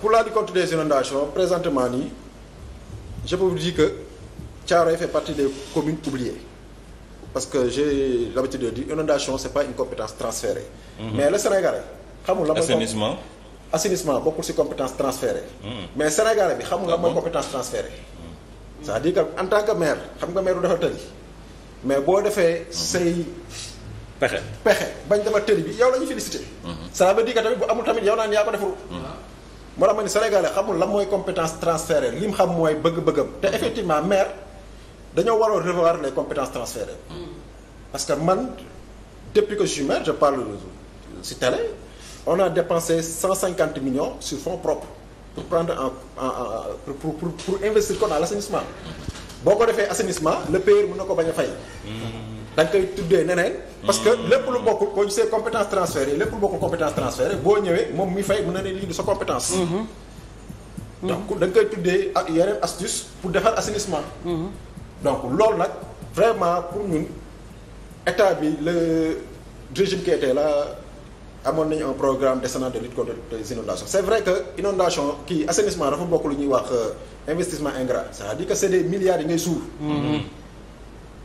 pour la lutte contre les inondations présentement nii je peux vous dire que Thiaroye fait commune des parce que j'ai l'habitude de dire inondation c'est pas une compétence mhm. mais le Sénégalais xamul la assainissement assainissement bokkul ci compétence transférée mhm. mais Sénégalais bi xamul la ah mooy compétence transférée mhm. c'est-à-dire que en tant que maire xam nga maire du dafa tëli mais boo defee say pexe pexe bañ dafa tëli bi yow la ñu félicité ça veut dire que tamit bu amul tamit yow naan yaa ko defaru moo tax ma ni sénégalais xamul lan mooy compétence transférée li mu xam mooy bëgg-bëggam te effectivement maire dañoo waroo revoir les compétences transférées mm. parce que man depuis que je suis maire je parle si télé on a dépensé 150 millions sur fonds propres pour prendre en, en, en pour, pour, pour, pour investir ko dans l'assainissement boo ko defee assainissement le payeur mën na ko bañ a fay mm. da koy tuddee neneen parce que lépp lu bokkul boo gisee compétence transférée lépp lu bokkul compétence transférée boo ñëwee moom mi fay mën na ne lii du sa compétence mm-hmm. Mm-hmm. donc da koy tuddee ak yeneen astuce pour defar assainissement mm-hmm. donc loolu nag vraiment pour ñun état bi le régime qui était là amoon nañu un programme décennal de lutte contre les c'est vrai que inondation ki assainissement dafa bokk lu ñuy wax euh, investissement ingrat c'est-à-dire c'est des milliards yi ngay suur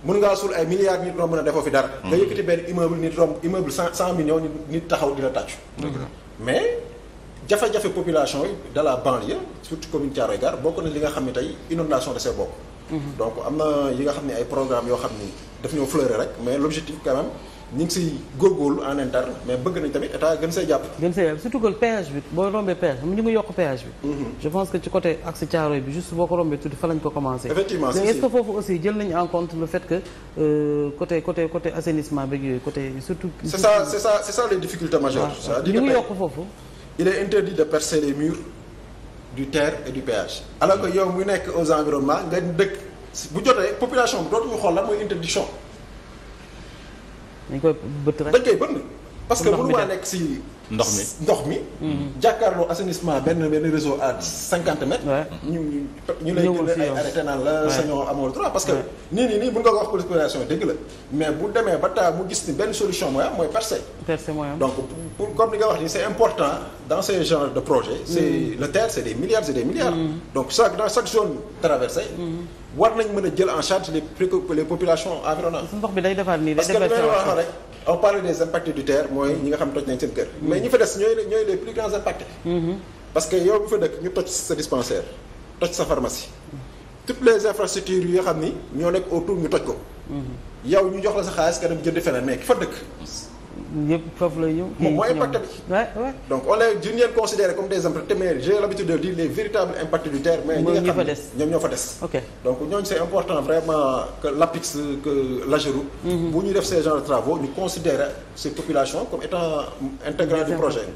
mun ngaa suul ay milliards nit romb na defoo fi dara. Hmm. nga yëkkati benn immeuble nit romb immeuble cent millions nit taxaw di tàccu. mais jafe-jafe population yi de la banlieue surtout commune Thiaroye Gare bokk na li nga xam ne tey inondation de ses bokk. Hmm. donc am na yi nga xam ne ay programme yoo xam ni daf ñoo fleurir rek mais l' objectif ñu ngi siy góorgóorlu en interne mais bëgg nañ tamit état gën see jàpp. gën see jàpp surtout que péage bi boo rombee péage bi ñu ngi yokk péage bi. Mhm. je pense que ci côté axe Thiaroye bi juste boo ko rombee tuuti fa lañ ko commencé. effectivement mais est-ce que foofu aussi jël nañ en compte le fait que euh, côté côté côté assainissement beeg yooyu côté surtout. c'est ça c'est ça c'est ça les difficultés majeures. c'est-à-dire ñu yokk foofu. il est interdit de percer les murs du terre et du péage. alors yow mu nekk aux environnements nga dëkk bu jotee population bi dootuñu xool lan dañ koy bëtt rek dañ koy bëtt parce que mënu maa nekk si ndox mi ndox mi. Mm-hmm. jàkkaarloo assainissement benn benn réseau à cinquante mètres. ñu ñu lay gën ay arrêté naan la sañoo amoo droit parce que. nii nii nii mën nga ko wax politisation dëgg la mais bu demee ba taa mu gis ni benn solution mooy am mooy percé. percé mooy am donc pour comme ni nga wax ni c'est important dans ce genre de projet. c'est mm. le terre c'est des milliards c'est des milliards. Mm. donc chaque dans chaque zone traversée. Mm. war nañ mën a jël en charge les les populations environnantes. ndox bi day defar nii day defar parce que li mais ñi fa des ñooy ñooy les plus grands impactés. Mm-hmm. parce que yow bu fa dëkk ñu toj sa dispensaire toj sa pharmacie. toutes les infrastructures yoo xam ni ñoo nekk autour ñu toj ko. Mm-hmm. yow ñu jox la sa xaalis nga dem jënd feneen mais ki fa dëkk. yëpp foofu la ñu. moom mooy impact bi. donc on est ñu leen considéré comme des impacts mais j'ai l'habitude de dire les véritables impacts du terre. mais ñi nga xam ne ñoom ñoo fa des. ok donc ñooñu c'est important vraiment que l'APIX que l'AGEROUP. Mhm. bu ñu def ce genre de travaux ñu considérer ces populations comme étant intégrant du projet.